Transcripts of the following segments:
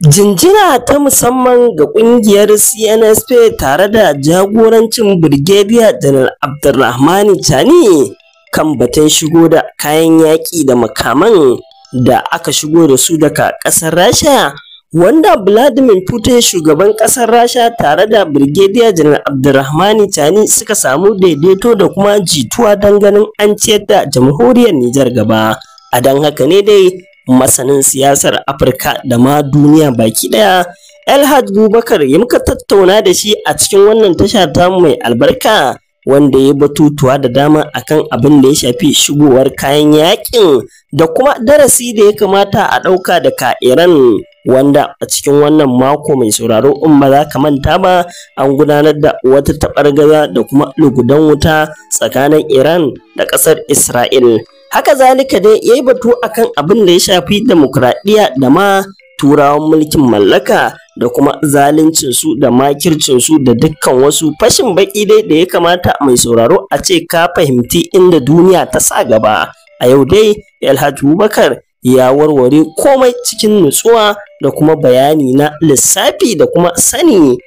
Jinjina ta musamman ga ƙungiyar CNSP tare da jagorancin Birgediya Janar abdulrahmani Chani kan batun shigo da kayan yaƙi da makaman da aka shigo da su daga ƙasar Rasha, wanda Vladimir Putin shugaban ƙasar Rasha tare da Birgediya Janar Abdurrahmani Chani suka samu daidaito da kuma jituwa don ganin an ciyar da jamhuriyar Nijar gaba. A don haka ne dai masanin siyasar Afirka da ma duniya baki ɗaya. Elhaj Bubakar ya muka tattauna da shi a cikin wannan tasha ta mai albarka wanda ya batutuwa da dama akan abin da ya shafi shigowar kayan yakin da kuma darasi da ya kamata a ɗauka daga Iran wanda a cikin wannan mako mai sauraro in ba za ka manta ba an gudanar da wata taɓargaza da kuma lugudan wuta tsakanin Iran da ƙasar Isra'il. Haka zalika dai ya yi batu a kan abin da ya shafi demokuraɗiyya da ma turawan mulkin mallaka da kuma zaluncinsu da makircinsu da dukkan wasu fashin baƙi dai da ya kamata mai sauraro a ce ka fahimci inda duniya ta sa gaba. A yau dai Alhaji Bubakar ya warware komai cikin nutsuwa da kuma bayani na lissafi da kuma sani.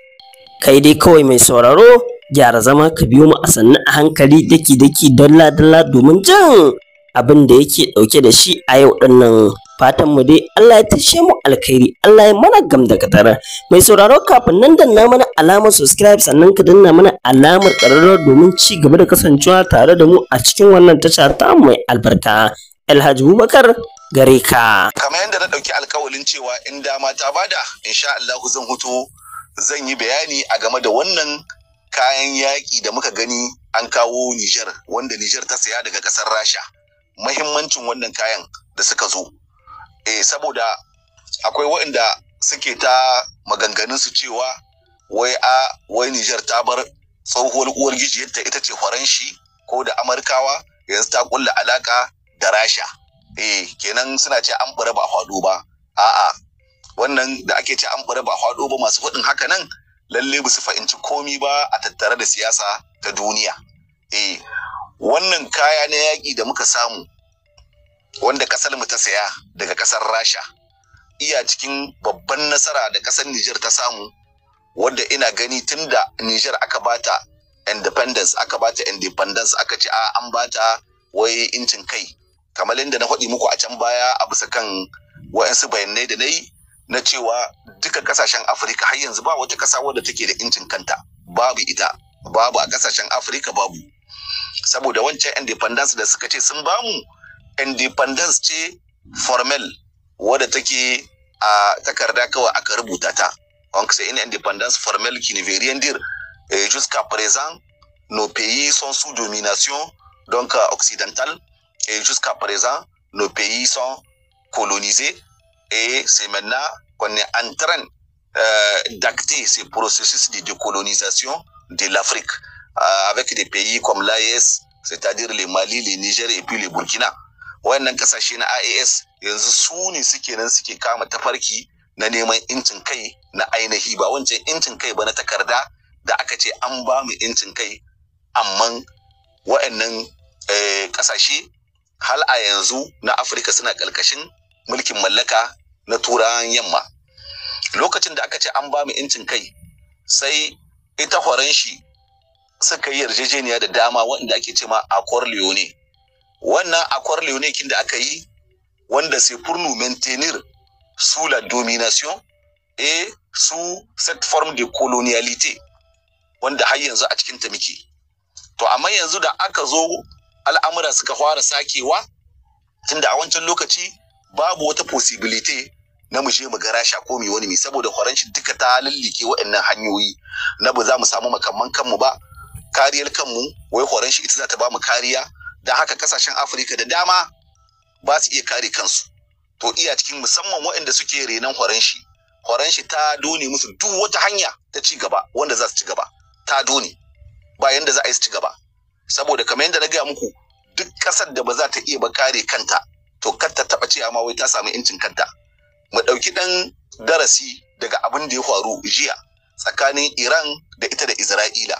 Kai dai kawai mai sauraro gyara zama ka biyo mu a sannu a hankali daki-daki dalla-dalla domin jin abin da yake dauke da shi a yau ɗin nan. fatan mu dai Allah ya tashe mu alkhairi Allah ya mana gam gamda katara mai sauraro kafin nan na mana alamar subscribe sannan ka danna mana alamar ƙararrawa domin ci gaba da kasancewa tare da mu a cikin wannan tasha ta mai albarka Alhaji Bubakar gare ka kamar yadda na dauki alkawalin cewa in dama ta bada insha Allah zan hutu zan yi bayani a game da wannan kayan yaƙi da muka gani an kawo Nijar wanda Nijar ta saya daga ƙasar Rasha muhimmancin wannan kayan da suka zo eh saboda akwai waɗanda suke ta maganganun su cewa wai a wai Niger ta bar tsohuwar uwar gijiyarta ita ce Faranshi ko da Amurkawa yanzu ta kulla alaka da Rasha E kenan suna ce an ba hado ba a'a wannan da ake ce an bara ba hado ba masu faɗin haka nan lalle ba su fahimci komi ba a tattare da siyasa ta duniya E wannan kaya na yaƙi da muka samu wanda kasar mu ta saya daga kasar rasha iya cikin babban nasara da kasar niger ta samu wanda ina gani tun da niger aka bata independence aka bata independence aka ce a an bata wai incin kai kamar yadda na faɗi muku a can baya a bisa kan wa'yansu bayanai da na yi na cewa duka kasashen afirka har yanzu ba wata kasa wadda take da incin kanta babu ita babu a kasashen afirka babu saboda wancan independence da suka ce sun bamu indépendance formelle, donc c'est une indépendance formelle qui ne veut rien dire et jusqu'à présent nos pays sont sous domination donc euh, occidentale et jusqu'à présent nos pays sont colonisés et c'est maintenant qu'on est en train euh, d'acter ce processus de décolonisation de l'Afrique euh, avec des pays comme l'AES, c'est-à-dire le Mali, le Niger et puis le Burkina. wayannan kasashe na IAS yanzu su ne suke nan suke kama tafarki na neman incin kai na ainihi ba wancan incin kai ba na takarda da aka ce an ba mu incin kai amma wayannan eh, kasashe hal a yanzu na Afirka suna ƙarƙashin mulkin mallaka na turawan yamma lokacin da aka ce an ba mu incin kai sai ita horon shi suka yi yarjejeniya da dama wanda ake cema a Corleone wannan akwar leonikin da aka yi wanda sai furnu maintenir su la domination et su set form de colonialité wanda har yanzu a cikin ta muke to amma yanzu da aka zo al'amura suka fara sakewa tunda a wancan lokaci babu wata possibility na mu je mu ga rasha ko mi wani mi saboda horon duka ta lallike waɗannan hanyoyi na ba za mu samu makamman kanmu ba kariyar kanmu wai horon ita za ta ba mu kariya da haka kasashen afirka da dama ba su iya kare kansu to iya cikin musamman waɗanda suke renon horon shi ta doni musu duk wata hanya ta ci gaba wanda za su ci gaba ta doni ba yanda za a yi su ci gaba saboda kamar yadda na gaya muku duk ƙasar da ba za ta iya ba kare kanta to kar ta taɓa cewa ma wai ta samu incin kanta mu ɗauki ɗan darasi daga abin da ya faru jiya tsakanin Iran da ita da Isra'ila.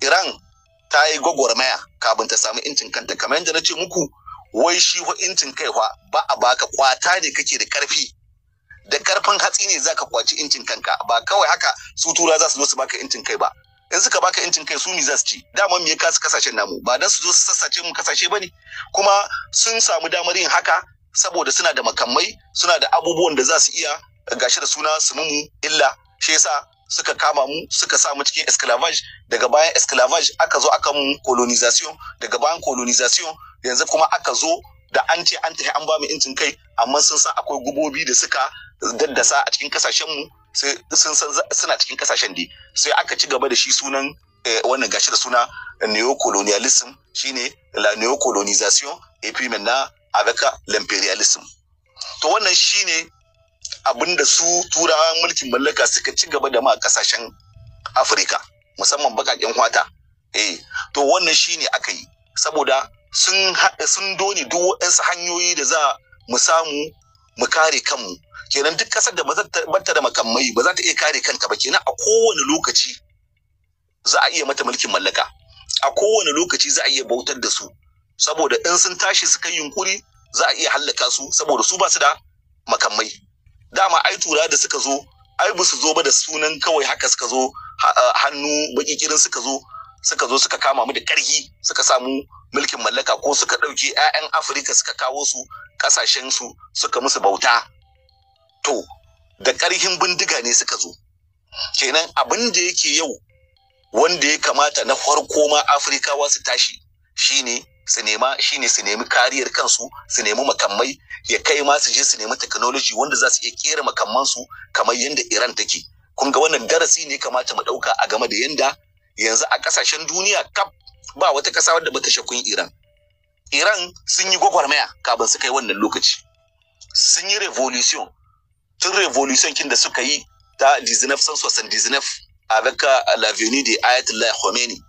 Iran ta yi gwagwarmaya kafin ta samu incin kanta kamar yadda na ce muku wai shi wa incin kaiwa ba a baka kwata ne kake da karfi da karfin hatsi ne zaka kwaci incin kanka ba kawai haka su tura za su zo su baka incin kai ba in suka baka incin kai su mi za su ci dama me su kasashen namu ba dan su zo su sassace mu kasashe bane kuma sun samu damar yin haka saboda suna da makamai suna da abubuwan da za su iya gashi da suna su mumu illa shi yasa suka kama mu suka samu cikin esclavage daga bayan esclavage aka zo aka mu colonization daga bayan colonization yanzu kuma aka zo da an ce an tafi an ba mu incin kai amma sun san akwai gubobi da suka daddasa a cikin kasashen mu sun san suna cikin kasashen dai sai aka ci gaba da shi sunan eh, wannan gashi da suna neocolonialism shine la neocolonisation et puis maintenant avec l'impérialisme to wannan shine abinda su turawan mulkin mallaka suka ci gaba da ma kasashen afirka musamman bakaken kwata eh to wannan shine aka yi saboda sun sun doni duk waɗansu hanyoyi da za mu samu mu kare kanmu kenan duk ƙasar da bata da makamai ba za ta iya kare kanta ba kenan a kowane lokaci za a iya mata mulkin mallaka a kowane lokaci za a iya bautar da su saboda in sun tashi suka yi yunkuri za a iya hallaka su saboda su ba su da makamai dama ai tura da suka zo ai ba zo ba da sunan kawai haka suka zo eh, hannu baki kirin suka zo suka zo suka kama mu da ƙarfi suka samu mulkin mallaka ko suka ɗauke 'ya'yan afirka suka kawo su ƙasashen su suka musu bauta to da ƙarfin bindiga ne suka zo kenan abin da yake yau wanda ya kamata na farko ma afirkawa su tashi shine su nema shine su nemi kariyar kansu su nemi makamai ya kai ma su je su nemi technology wanda za su iya kera makamansu kamar yadda Iran take kun ga wannan darasi ne kamata mu dauka a game da yadda yanzu a kasashen duniya kap ba wata kasa wadda bata shakun Iran Iran sun yi gwagwarmaya kafin su kai wannan lokaci sun yi revolution tun revolution kin da suka yi ta dizinef avec la venue de Ayatollah Khomeini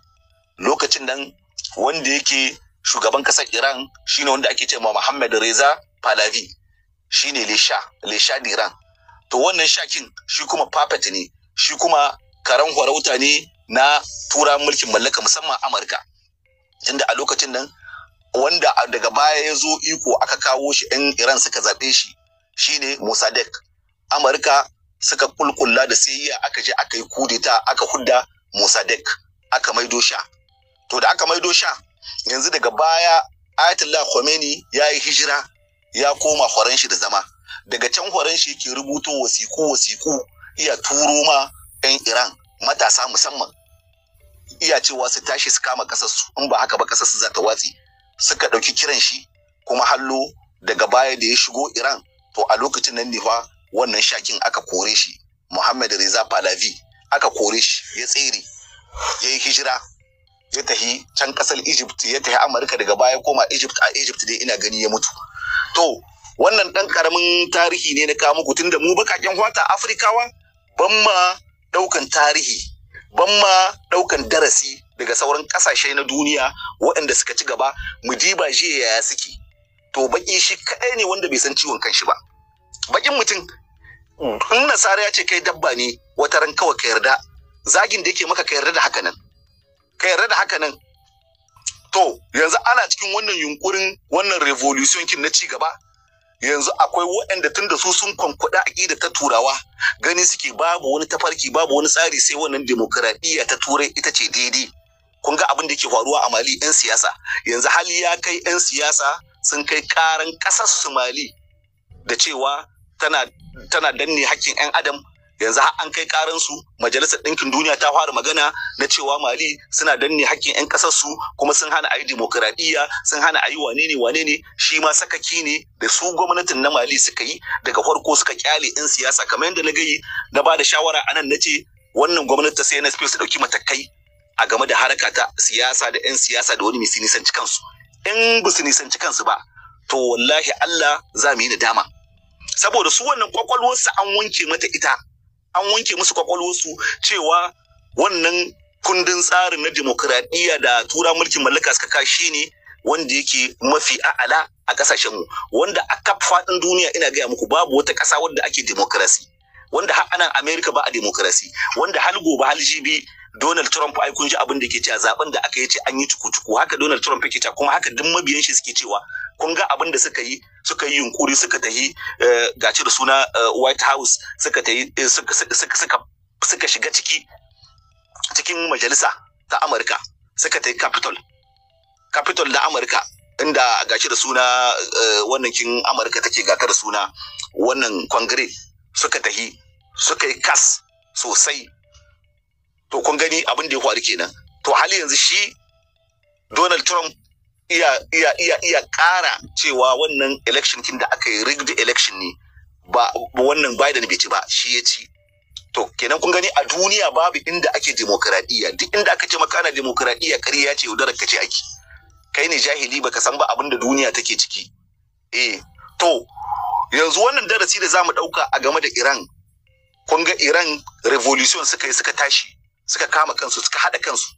lokacin nan wanda yake shugaban ƙasar Iran shine wanda ake cewa Muhammad Reza Pahlavi shine Lesha Lesha Iran to wannan shakin shi kuma puppet ne shi kuma karan horauta ne na tura mulkin mallaka musamman Amurka tunda a lokacin nan wanda daga baya ya zo iko aka kawo shi ɗan Iran suka zaɓe shi shine Mossadegh Amurka suka kulkulla da sayayya aka je aka yi kudeta aka hudda Mossadegh aka maido sha to da aka maido sha yanzu daga baya Ayatollah Khomeini ya yi hijira ya koma horon shi da zama daga can horon shi yake rubuto wasiku wasiku iya turo ma 'yan Iran matasa musamman iya cewa su tashi su kama kasar su in ba haka ba kasar su za ta watsi suka ɗauki kiran shi kuma hallo daga baya da ya shigo Iran to a lokacin nan ne fa wannan shakin aka kore shi Muhammad Reza Pahlavi aka kore shi ya tsere ya yi hijira ya tahi can kasar Egypt ya tahi Amurka daga baya koma Egypt a Egypt dai ina gani ya mutu to wannan dan karamin tarihi ne na kawo muku tunda mu bakaken wata Afrikawa ban ma daukan tarihi ban ma daukan darasi daga sauran kasashe na duniya waɗanda suka ci gaba mu diba jiya yaya suke to baki shi kaɗai ne wanda bai san ciwon kanshi ba Baƙin mutum mm. in nasara ya ce kai dabba ne wata ran kawai ka yarda zagin da yake maka ka yarda da haka nan ka yarda da haka nan to yanzu ana cikin wannan yunkurin wannan revolution kin na ci gaba yanzu akwai waɗanda tun da su sun kwankwada aƙida ta turawa gani suke babu wani tafarki babu wani tsari sai wannan demokradiyya ta turai ita ce daidai kun ga abin da ke faruwa a mali 'yan siyasa yanzu hali ya kai 'yan siyasa sun kai karan ƙasar su mali da cewa tana tana danne hakkin 'yan adam yanzu har an kai karan su majalisar ɗinkin duniya ta fara magana na cewa mali suna danne hakkin 'yan ƙasar su kuma sun hana ayi yi demokradiyya sun hana ayi wane ne wane ne shi ma sakaki ne da su gwamnatin na mali suka yi daga farko suka kyale 'yan siyasa kamar yadda na gayi na bada da shawara anan na ce wannan gwamnati ta na nsp su dauki matakai a game da harakata ta siyasa da 'yan siyasa da wani su nisanci kansu in bu su nisanci kansu ba to wallahi Allah za mu yi nadama saboda su wannan su an wanke mata ita an wanke musu kwakwalwarsu cewa wannan kundin tsarin na demokradiyya da tura mulkin mallaka suka shi ne wanda yake mafi a'ala a ƙasashen mu wanda a kaf faɗin duniya ina gaya muku babu wata ƙasa wadda ake demokrasi wanda har anan America ba a demokrasi wanda hal gobe hal jibi Donald Trump ai kun ji abin da ke cewa zaben da aka yi ce an yi tuku-tuku haka Donald Trump yake cewa kuma haka duk mabiyan shi suke cewa kun ga abin da suka yi suka yi yunkuri suka tahi eh, gaci da suna eh, White House suka tahi eh, suka suka shiga ciki cikin majalisa ta Amurka suka tahi Capitol Capitol na Amurka inda gashi da suna wannan kin Amurka take gata da suna wannan Congress suka tahi suka yi kas sosai to kun gani abin da ya faru kenan to hali yanzu shi Donald Trump iya iya iya iya ƙara cewa wannan election kin da aka yi rigged election ne ba wannan Biden bai ci ba shi ya ci to kenan kun gani a duniya babu inda ake demokradiyya duk inda aka ce maka ana demokradiyya ya ce yaudarar ka ce ake kai ne jahili baka san ba abin da duniya take ciki eh to yanzu wannan darasi da zamu dauka a game da Iran kun ga Iran revolution suka yi suka tashi suka kama kansu suka hada kansu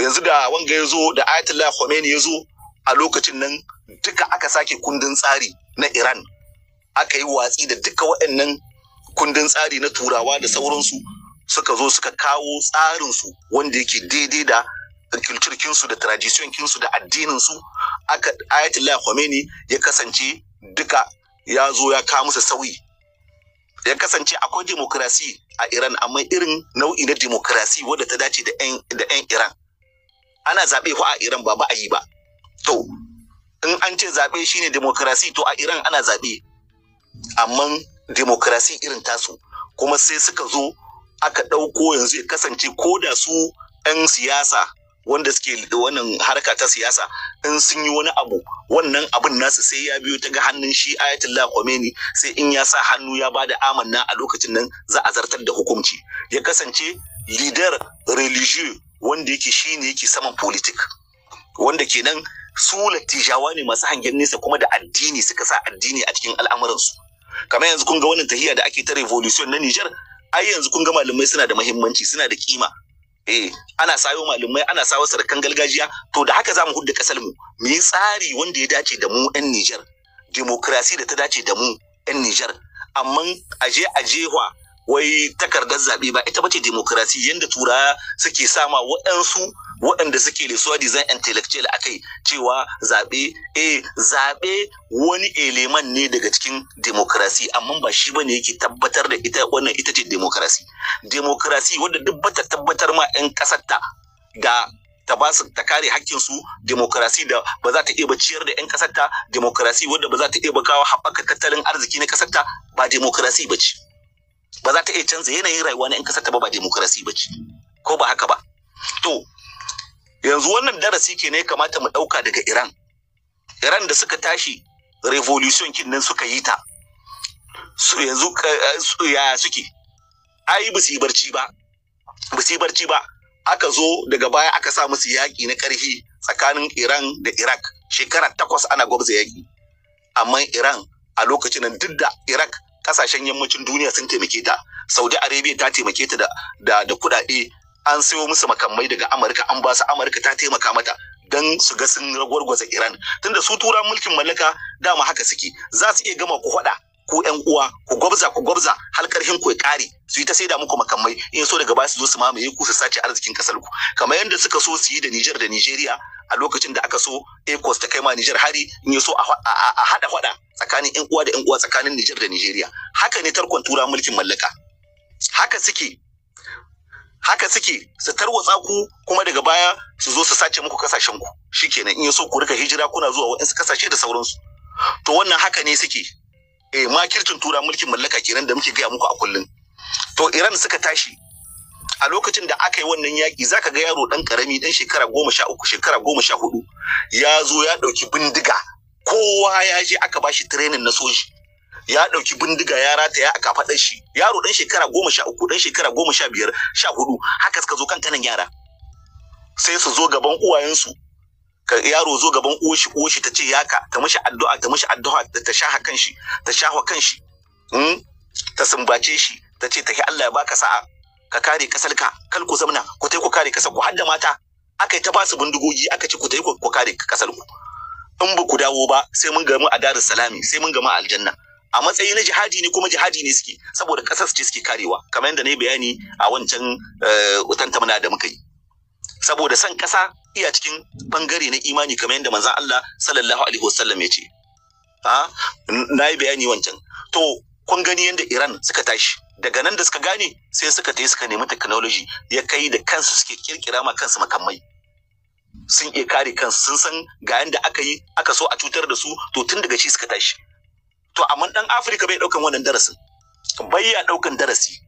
yanzu da wanga ya zo da Ayatollah Khomeini ya zo a lokacin nan duka aka sake kundin tsari na Iran aka yi watsi da duka waɗannan kundin tsari na turawa da sauransu suka zo suka kawo tsarinsu wanda yake daidai da kulturkinsu da traditionkinsu da addininsu aka Ayatollah Khomeini ya kasance duka ya zo ya kawo musu sauyi ya kasance akwai demokrasi a Iran amma irin nau'i na demokrasi wadda ta dace da 'yan Iran ana zaɓe ku a Iran ba ba a yi ba to in an ce zaɓe shi ne demokarasi to a Iran ana zaɓe amma demokarasi irin tasu kuma sai suka zo aka ɗauko yanzu ya kasance ko da su 'yan siyasa wanda suke wannan harka ta siyasa in sun yi wani abu wannan abin nasu sai ya biyo ta ga hannun shi ayatollah Khomeini sai in ya sa hannu ya bada amanna a lokacin nan za a zartar da hukunci ya kasance leader religieux wanda yake shi ne yake saman politik wanda kenan su latijawa ne masu hangen nesa kuma da addini suka sa addini a cikin al'amuransu kamar yanzu kun ga wannan tahiya da ake ta revolution na Niger ai yanzu kun ga malamai suna da muhimmanci suna da kima eh ana sayo malamai ana sawo sarkan gargajiya to da haka zamu hudda kasar mu mu yi tsari wanda ya dace da mu yan Niger demokrasi da ta dace da mu yan Niger amma aje ajehwa wai takardar zaɓe ba ita bace demokrasi yadda turawa suke sama waɗansu waɗanda suke da suwa design intellectual a kai cewa zaɓe eh zaɓe wani eleman ne daga cikin demokrasi amma ba shi bane yake tabbatar da ita wannan ita ce demokrasi demokrasi wadda duk tabbatar ma 'yan ta da ta ba su ta kare hakkinsu demokrasi da ba za ta iya ciyar da 'yan ta. demokrasi wadda ba za ta iya kawo haɓaka tattalin arziki na ta ba demokrasi ba ce. ba za ta iya canza yanayin rayuwa na 'yan kasar ta ba ba demokrasi ba ce ko ba haka ba to yanzu wannan darasi ke ne kamata mu ɗauka daga iran iran da suka tashi revolution kin nan suka yi ta su yanzu eh, ya suke ai ba su barci ba ba su barci ba aka zo daga baya aka sa musu yaƙi na ƙarfi tsakanin iran da iraq shekara takwas ana gwabza yaƙi amma iran a lokacin nan duk da iraq kasashen yammacin duniya sun taimake ta saudi arabia ta taimake ta da da kuɗaɗe an sayo musu makamai daga amurka an ba su amurka ta taimaka mata don su ga sun ragwargwaza iran tunda su turan mulkin mallaka dama haka suke za su iya gama ku faɗa ku ƴan uwa ku gwabza ku gwabza har ƙarfin ku ya ƙare su yi ta saida muku makamai in so daga ba su zo su mamaye ku su sace arzikin kasar ku kamar yadda suka so su yi da Niger da Nigeria a lokacin da aka so ECOWAS ta kai ma Niger hari in so a hada hada tsakanin ƴan uwa da ƴan uwa tsakanin Niger da Nigeria haka ne tarkon tura mulkin mallaka haka suke haka suke su tarwatsa ku kuma daga baya su zo su sace muku kasashen ku shikenan in so ku rika hijira kuna zuwa waɗansu kasashe da sauransu to wannan haka ne suke eh makircin tura mulkin mallaka kenan da muke gaya muku a kullum to iran suka tashi a lokacin da aka yi wannan yaƙi zaka ga yaro ɗan karami ɗan shekara goma sha uku shekara goma sha hudu ya zo ya ɗauki bindiga kowa ya je aka bashi training tirenin na soji ya ɗauki bindiga ya rataya a kafaɗar shi yaro dan shekara goma sha uku ɗan shekara goma sha biyar sha hudu haka suka zo kan kanan yara sai su zo gaban uwayensu ka yaro zo gaban o'shi oshi ta ce yaka ta mishi addu'a ta mishi addu'a ta shaha kanshi ta shahwa kanshi hmm? ta sumbace shi ta ce ta Allah ya baka sa'a ka kare kasar kal ku zamna ku tai ku kare kasar har da mata aka ta basu bindigogi aka ce ku tai ku kare kasar in ba ku dawo ba sai mun gamu a darus salami sai mun gamu a aljanna a matsayi na jihadi ne kuma jihadi ne suke saboda kasar ce suke karewa kamar yadda na yi bayani a wancan eh, tantamana da muka yi saboda san ƙasa iya cikin bangare na imani kamar yadda manzan Allah sallallahu alaihi wasallam ya ce Ha? na yi bayani wancan to kun gani yadda Iran suka tashi daga nan da suka gane sai suka tafi suka nemi technology ya kai da kansu suke kirkira ma kansu makamai sun iya kare kansu sun san ga yadda aka yi aka so a cutar da su to tun daga shi suka tashi to amma dan Afirka bai ɗaukan wannan darasin bai ya ɗaukan darasi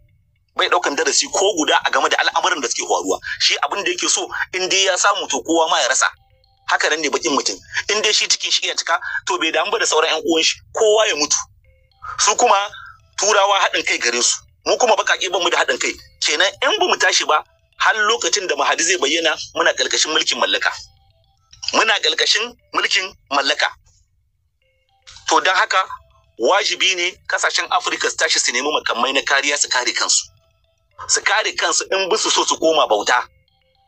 bai daukan darasi ko guda a game da al'amuran da suke faruwa shi abin da yake so in dai ya samu to kowa ma ya rasa haka nan ne bakin mutum in dai shi cikin shi ya cika to bai damu ba da sauran yan uwan shi kowa ya mutu su kuma turawa haɗin kai gare su mu kuma baka ba mu da haɗin kai kenan in ba mu tashi ba har lokacin da mahadi zai bayyana muna ƙarƙashin mulkin mallaka muna ƙarƙashin mulkin mallaka to don haka wajibi ne ƙasashen afirka su tashi su nemi makamai na kariya su kare kansu su kare kansu in bisu so su koma bauta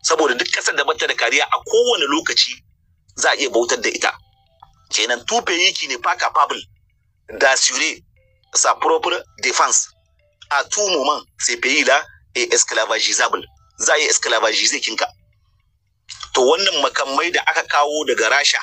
saboda duk ƙasar da bata da kariya a kowane lokaci za a iya bautar da ita kenan tupe yiki ne pa capable d'assurer sa propre défense a tout moment ce pays là est esclavagisable za a yi esclavagiser kinka to wannan makamai da aka kawo daga rasha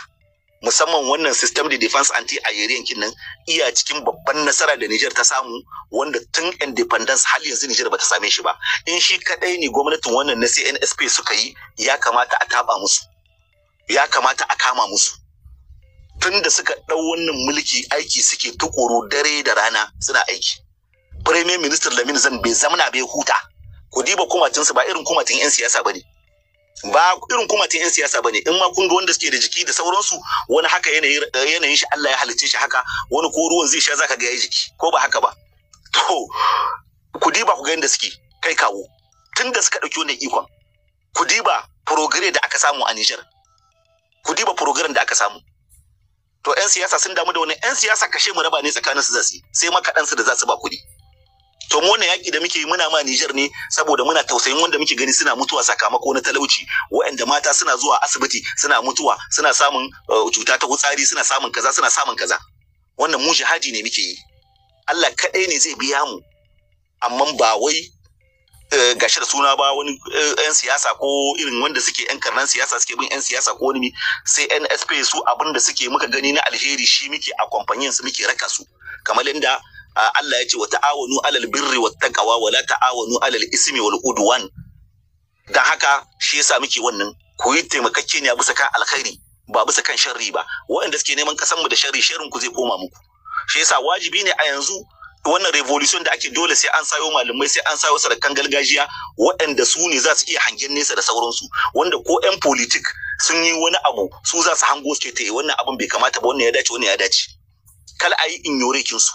musamman wannan system de defense anti yankin nan, iya cikin babban nasara da Niger ta samu wanda tun independence har yanzu Niger bata same shi ba in shi kadai ne gwamnatin wannan na CNSP suka yi ya kamata a taba musu ya kamata a kama musu tun da suka ɗau wannan mulki aiki suke tukuru dare da rana suna aiki premier minister Lamin zan bai zamana bai huta ku diba kumatinsu ba irin kumatin 'yan siyasa bane ba irin kuma ta 'yan siyasa bane in ma kun wanda suke da jiki da sauransu wani haka yanayin shi Allah ya halicce shi haka wani ko ruwan zai sha zaka ga yayi jiki ko ba haka ba to ku diba ku ga yadda suke kai kawo tunda suka dauki wannan ikon ku diba progress da aka samu a Niger ku diba program da aka samu to 'yan siyasa sun damu da wani 'yan siyasa kashe mu raba ne tsakaninsu zasu yi sai makaɗansu da za su ba kuɗi to mu wannan yaki da muke yi muna ma Niger ne saboda muna tausayin wanda muke gani suna mutuwa sakamako na talauci waɗanda mata suna zuwa asibiti suna mutuwa suna samun uh, cuta ta hutsari suna samun kaza suna samun kaza wannan mu jihadi ne muke yi Allah kaɗai ne zai biya mu amma ba wai uh, gashi da suna ba wani yan uh, siyasa ko irin wanda suke yan karnan siyasa suke bin yan siyasa ko wani sai NSP su abin suke muka gani na alheri shi muke a kamfanin su muke raka su kamar yadda Allah ya ce wa ta'awanu alal birri wa taqwa wa la ta'awanu alal ismi wal udwan dan haka shi yasa muke wannan ku yi taimakacce ne a bisa kan alkhairi ba bisa kan sharri ba waɗanda suke neman kasan mu da sharri sharrin ku zai koma muku shi yasa wajibi ne a yanzu wannan revolution da ake dole sai an sayo malamai sai an sayo sarakan gargajiya waɗanda su ne za su iya hangen nesa da sauransu wanda ko 'yan politik sun yi wani abu su za su hango su ce wannan abin bai kamata ba wannan ya dace wannan ya dace kal a yi inyorekin su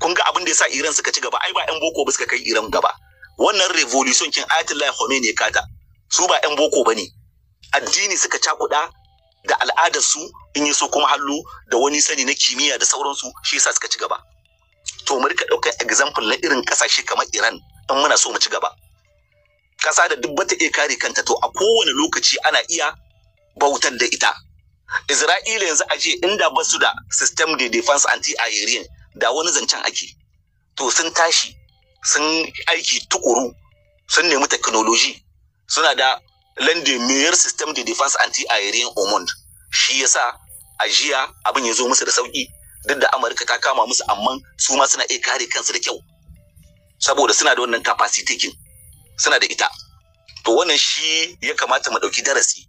kun ga abin da ya sa Iran suka ci gaba ai ba yan boko ba suka kai Iran gaba wannan revolution kin Ayatollah Khomeini ya kata su ba yan boko bane addini suka cakuda da al'adar su in yi so kuma hallu da wani sani na kimiyya da sauransu shi yasa suka ci gaba to mu rika daukar example na irin kasashe kamar Iran in muna so mu ci gaba kasa da duk bata iya kare kanta to a kowane lokaci ana iya bautar da ita Isra'ila yanzu a je inda basu da system de defense anti-aerian da wani zancen ake to sun tashi sun aiki tukuru sun nemi technology suna da lande mayor system de defense anti aerian omond shi yasa a jiya abin ya zo musu da sauki duk da amurka ta kama musu amma su ma suna iya kare kansu da kyau saboda suna da wannan capacity suna da ita to wannan shi ya kamata mu ɗauki darasi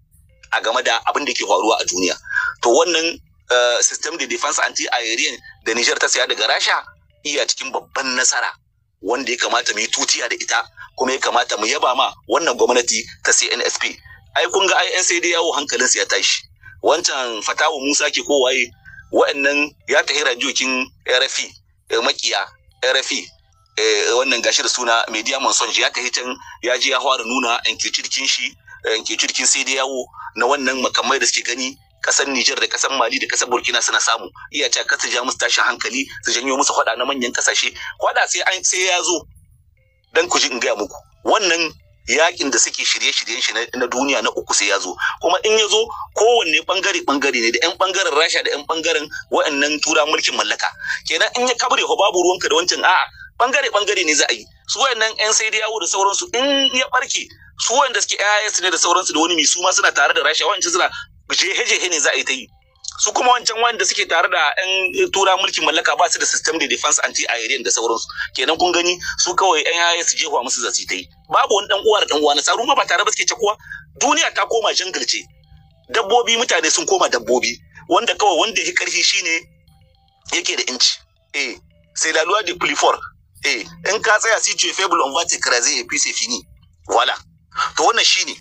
a game da abin da ke faruwa a duniya to wannan Eh, system de defense anti-aerian da Niger ta saya daga Rasha iya cikin babban nasara wanda ya kamata mu yi tutiya da ita kuma ya kamata mu yaba ma wannan gwamnati ta CNSP ai kun ga ai dai yawo hankalin ya tashi wancan fatawa Musa ke ko waye wa'annan ya tahi rajokin RFI eh, makiya RFI eh, wannan gashi da suna Media Monson ya tahi can ya je ya fara nuna in kirkin shi in kirkin sai yawo na wannan makamai da suke gani kasar Niger da kasar Mali da kasar Burkina suna samu iya ta kasa ja musu tashin hankali su janyo musu hwada na manyan kasashe hwada sai an sai ya zo dan ku ji in gaya muku wannan yakin da suke shirye-shiryen shi na duniya na uku sai ya zo kuma in ya zo kowanne bangare bangare ne da yan bangaren rasha da yan bangaren wa'annan tura mulkin mallaka kenan in ya kabure ho babu ruwanka da wancan a'a bangare bangare ne za a yi su wa'annan yan sai da yawo da sauransu in ya barke su wanda suke AIS ne da sauransu da wani mai su ma suna tare da rasha wa'ancan suna jehe ne za a yi ta yi su kuma wancan wanda suke tare da yan tura mulkin mallaka ba su da system da defense anti aerian da sauransu kenan kun gani su kawai yan yaya su jehuwa musu zaci ta yi babu wani dan uwa da dan uwa na tsaro ma ba tare ba suke cakuwa duniya ta koma jungle ce dabbobi mutane sun koma dabbobi wanda kawai wanda ya karfi shine yake da inci eh sai laluwa de plifor eh in ka tsaya si tu faible on va te craser et puis fini voilà to wannan shine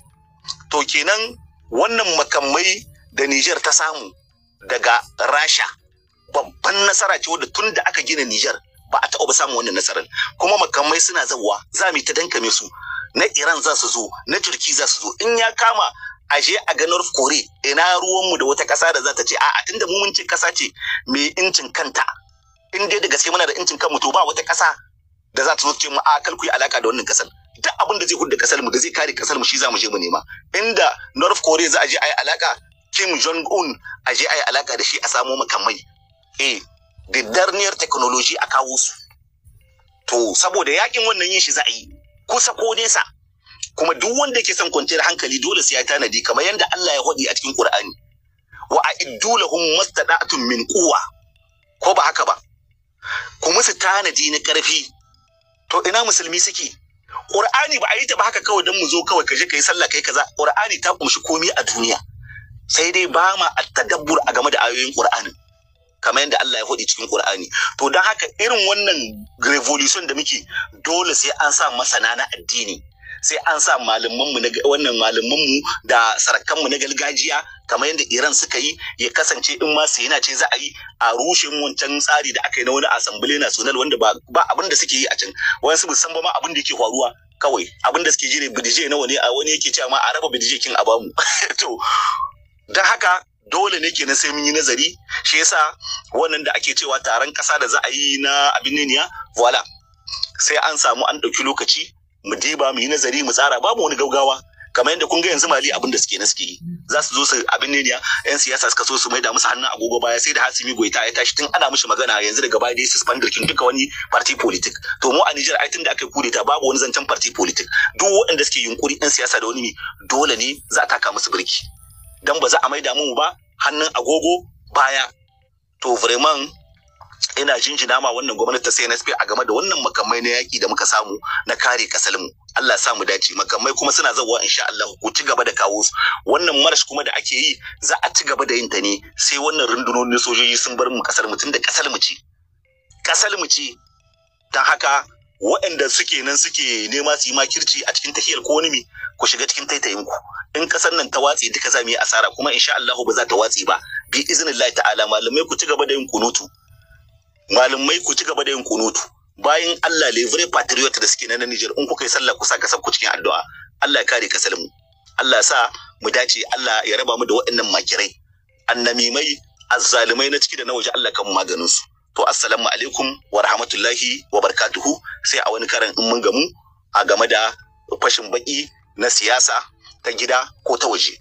to kenan wannan makamai da Nijar ta samu daga Rasha babban nasara ce wadda tun da aka gina Nijar ba a taɓa samun wannan nasarar kuma makamai suna zawa za mu ta dankame su na Iran za su zo na Turki za su zo in ya kama a je a ga North Korea ina ruwanmu da wata ƙasa da za ta ce a'a tunda mu mun ce ƙasa ce mai incin kanta in dai da gaske muna da incin kanmu to ba wata ƙasa da za ta zo ce mu a kalkuyi alaka da wannan ƙasar duk abin da zai hudu kasar mu da zai kare kasar mu shi za mu je mu nema inda North Korea za a je a yi alaka Kim Jong Un a je a yi alaka da shi a samo makamai eh da darniyar technology a kawo su to saboda yakin wannan yin shi za a yi kusa ko nesa kuma duk wanda yake son kwanciyar hankali dole sai ya tanadi kamar yadda Allah ya hodi a cikin Qur'ani wa a'iddu lahum mastada'atun min quwwa ko ba haka ba kuma su tanadi na karfi to ina musulmi suke Qur'ani ba a yi ta ba haka kawai don mu zo kawai ka je ka yi sallah kai kaza Qur'ani ta kumshi komai a duniya sai dai ba ma tadabbur a game da ayoyin Qur'ani kamar yadda Allah ya faɗi cikin Qur'ani to don haka irin wannan revolution da muke dole sai an sa masana na addini sai an sa malamanmu na wannan malamanmu da sarakanmu na galgajiya kamar yadda Iran suka yi ya kasance in ma su yana ce za a yi a rushe wancan tsari da aka yi na wani assembly national wanda ba abin da suke yi a can wayansu musamman ma abin da yake faruwa kawai abin da suke jire bidije nawa ne a wani yake cewa ma a raba bidije kin a bamu to don haka dole ne kenan sai mun yi nazari shi yasa wannan da ake cewa taron kasa da za a yi na abin voila sai an samu an ɗauki lokaci mu diba mu yi nazari mu tsara babu wani gaugawa kamar yadda kun ga yanzu mali abin da suke na suke yi za su zo su abin ne yan siyasa suka so su maida musu hannun agogo baya sai da hasimi goita ya tashi tun ana mishi magana yanzu daga baya dai suspend kin duka wani party politic to mu a Niger ai tun da aka kudeta babu wani zancen party politic duk waɗanda suke yunkuri yan siyasa da wani dole ne za a taka musu birki dan ba za a maida mu ba hannun agogo baya to vraiment ina jinjina ma wannan gwamnati ta CNSP a game da wannan makamai na yaki da muka samu na kare kasalmu Allah sa mu dace makamai kuma suna zawa insha Allah ku ci gaba da kawo su wannan marsh kuma da ake yi za a ci gaba da yin ta ne sai wannan rundunonin sojoji sun bar mu kasar mu tunda kasar mu ce kasar mu ce dan haka waɗanda suke nan suke nema su yi makirci a cikin tahiyar ko wani ku shiga cikin taitayin ku in kasar nan ta watse duka za mu yi asara kuma insha Allah ba za ta watse ba bi iznillahi ta'ala malamai ku ci gaba da yin kunutu malamai ku ci gaba da yin kunutu bayan Allah vrai patriote da suke na Niger in kuka yi sallah ku saka sabku ku cikin addu'a Allah ya kare kasar mu Allah sa mu dace Allah ya raba mu da waɗannan makirai annamimai azzalumai na ciki da na waje Allah kan maganin su to assalamu alaikum wa rahmatullahi wa barakatuhu sai a wani karan in mun gamu a game da fashin baki na siyasa ta gida ko ta waje